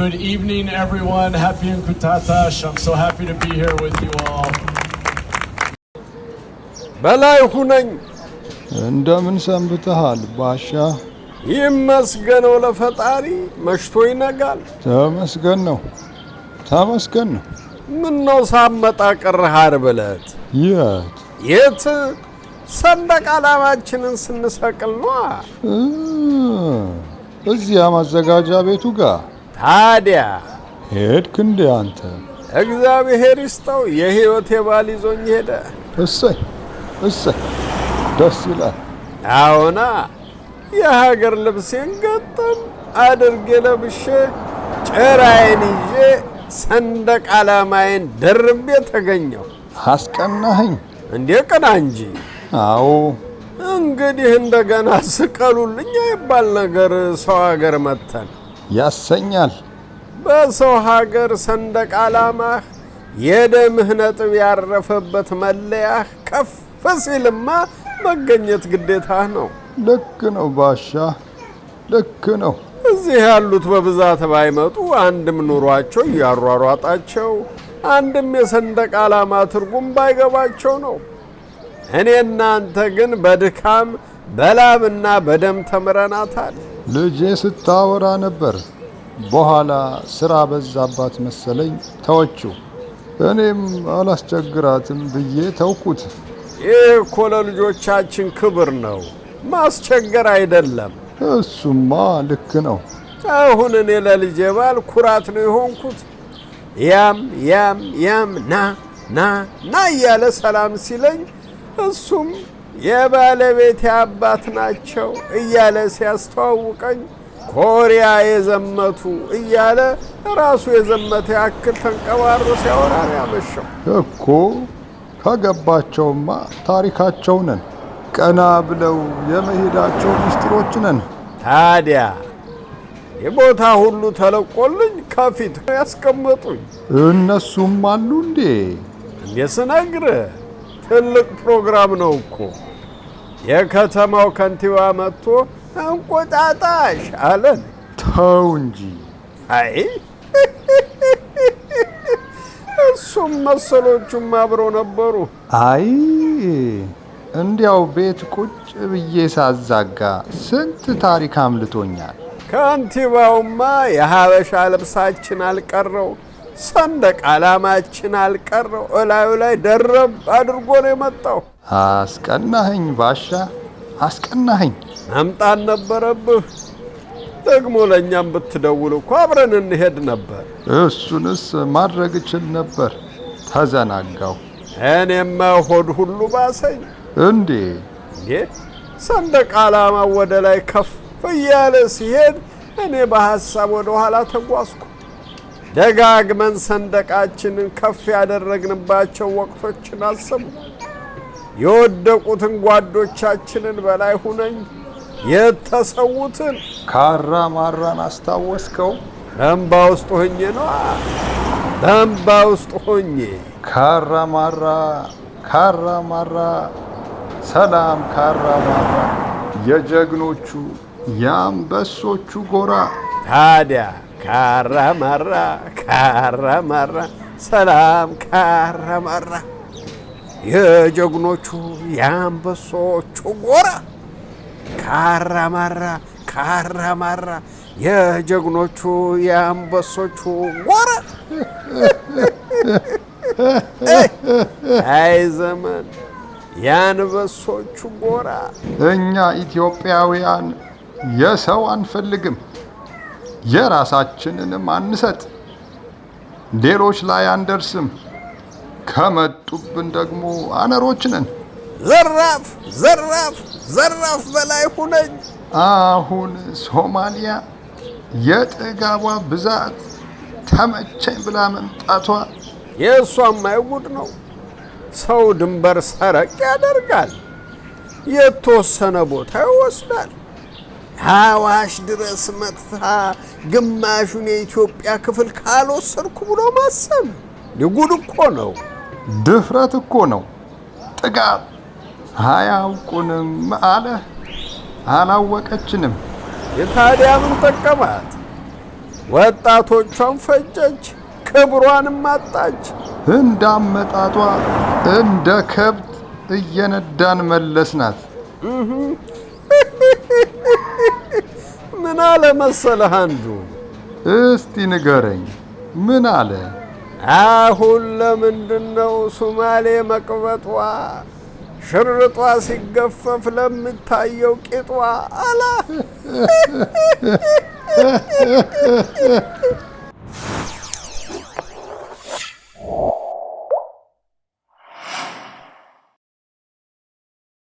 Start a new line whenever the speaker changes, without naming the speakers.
Good evening, everyone. Happy Nkutatash. I'm so happy to be here with you all.
በላይ ሁነኝ።
እንደምን ሰንብተሃል ባሻ?
ይመስገነው ለፈጣሪ መሽቶ ይነጋል።
ተመስገን ነው ተመስገን ነው።
ምን ነው ሳመጣ ቀረህ ዓርብ ዕለት? የት የት? ሰንደቅ ዓላማችንን ስንሰቅል ነዋ።
እዚያ ማዘጋጃ ቤቱ ጋር ታዲያ ሄድክ እንዴ አንተ?
እግዚአብሔር ይስጠው የህይወቴ ባል ይዞኝ ሄደ።
እሰይ እሰይ፣ ደስ ይላል።
አዎና የሀገር ልብሴን ገጠም አድርጌ ለብሼ ጭራዬን ይዤ ሰንደቅ ዓላማዬን ደርቤ ተገኘሁ።
አስቀናኸኝ
እንዴ? ቅና እንጂ። አዎ እንግዲህ እንደገና ስቀሉልኝ አይባል ነገር ሰው ሀገር መተን
ያሰኛል።
በሰው ሀገር ሰንደቅ ዓላማህ የደምህ ነጥብ ያረፈበት መለያህ ከፍ ሲልማ መገኘት ግዴታ ነው።
ልክ ነው ባሻ፣ ልክ ነው።
እዚህ ያሉት በብዛት ባይመጡ አንድም ኑሯቸው እያሯሯጣቸው አንድም የሰንደቅ ዓላማ ትርጉም ባይገባቸው ነው። እኔ እናንተ ግን በድካም በላብና በደም ተምረናታል።
ልጄ ስታወራ ነበር። በኋላ ስራ በዛባት መሰለኝ ተወችው። እኔም አላስቸግራትም ብዬ ተውኩት።
ይህ እኮ ለልጆቻችን ክብር ነው፣ ማስቸገር አይደለም።
እሱማ ልክ ነው።
አሁን እኔ ለልጄ ባል ኩራት ነው የሆንኩት። ያም ያም ያም ና ና ና እያለ ሰላም ሲለኝ እሱም የባለቤቴ አባት ናቸው እያለ ሲያስተዋውቀኝ ኮሪያ የዘመቱ እያለ ራሱ የዘመተ ያክል ተንቀባሮ ሲያወራ ያመሸው
እኮ ከገባቸውማ ታሪካቸው ነን፣ ቀና ብለው የመሄዳቸው ምስጢሮች ነን።
ታዲያ የቦታ ሁሉ ተለቆልኝ ከፊት ያስቀመጡኝ
እነሱም አሉ እንዴ
እንዴ ስነግርህ ትልቅ ፕሮግራም ነው እኮ። የከተማው ከንቲባ መጥቶ እንቁጣጣሽ አለን።
ተው እንጂ።
አይ እሱም መሰሎቹም አብረው ነበሩ።
አይ እንዲያው ቤት ቁጭ ብዬ ሳዛጋ ስንት ታሪክ አምልቶኛል
ከንቲባውማ የሀበሻ ልብሳችን አልቀረው ሰንደቅ ዓላማችን አልቀረው እላዩ ላይ ደረብ አድርጎ ነው የመጣው።
አስቀናኸኝ ባሻ አስቀናኸኝ።
መምጣት ነበረብህ። ደግሞ ለእኛም ብትደውል እኮ አብረን እንሄድ ነበር።
እሱንስ ማድረግ እችል ነበር፣ ተዘናጋው።
እኔ ሆድ ሁሉ ባሰኝ። እንዴ እንዴ! ሰንደቅ ዓላማ ወደ ላይ ከፍ እያለ ሲሄድ እኔ በሐሳብ ወደ ኋላ ተጓዝኩ። ደጋግመን ሰንደቃችንን ከፍ ያደረግንባቸው ወቅቶችን አስቡ። የወደቁትን ጓዶቻችንን በላይ ሁነኝ የተሰዉትን
ካራ ማራን አስታወስከው።
በእንባ ውስጥ ሆኜ ነው በእንባ ውስጥ ሆኜ
ካራ ማራ ካራ ማራ ሰላም ካራ ማራ የጀግኖቹ የአንበሶቹ ጎራ
ታዲያ ካራማራ ካራማራ ሰላም ካራማራ የጀግኖቹ የአንበሶቹ ጎራ ካራማራ ካራማራ የጀግኖቹ የአንበሶቹ ጎራ። አይ ዘመን የአንበሶቹ ጎራ።
እኛ ኢትዮጵያውያን የሰው አንፈልግም። የራሳችንንም አንሰጥ፣ ሌሎች ላይ አንደርስም። ከመጡብን ደግሞ አነሮች ነን።
ዘራፍ ዘራፍ ዘራፍ በላይ ሁነኝ።
አሁን ሶማሊያ የጥጋቧ ብዛት ተመቸኝ ብላ መምጣቷ
የእሷም አይጉድ ነው። ሰው ድንበር ሰረቅ ያደርጋል፣ የተወሰነ ቦታ ይወስዳል። አዋሽ ድረስ መጥታ ግማሹን የኢትዮጵያ ክፍል ካልወሰድኩ ብሎ ማሰብ ጉድ እኮ ነው።
ድፍረት እኮ ነው። ጥጋብ አያውቁንም አለ አላወቀችንም።
የታዲያ ምን ጠቀማት? ወጣቶቿን ፈጀች፣ ክብሯንም አጣች።
እንዳመጣጧ እንደ ከብት እየነዳን መለስናት።
ምን አለ መሰለህ? አንዱ
እስቲ ንገረኝ፣ ምን አለ?
አሁን ለምንድነው ሱማሌ መቅበጧ ሽርጧ ሲገፈፍ ለሚታየው ቂጧ አላ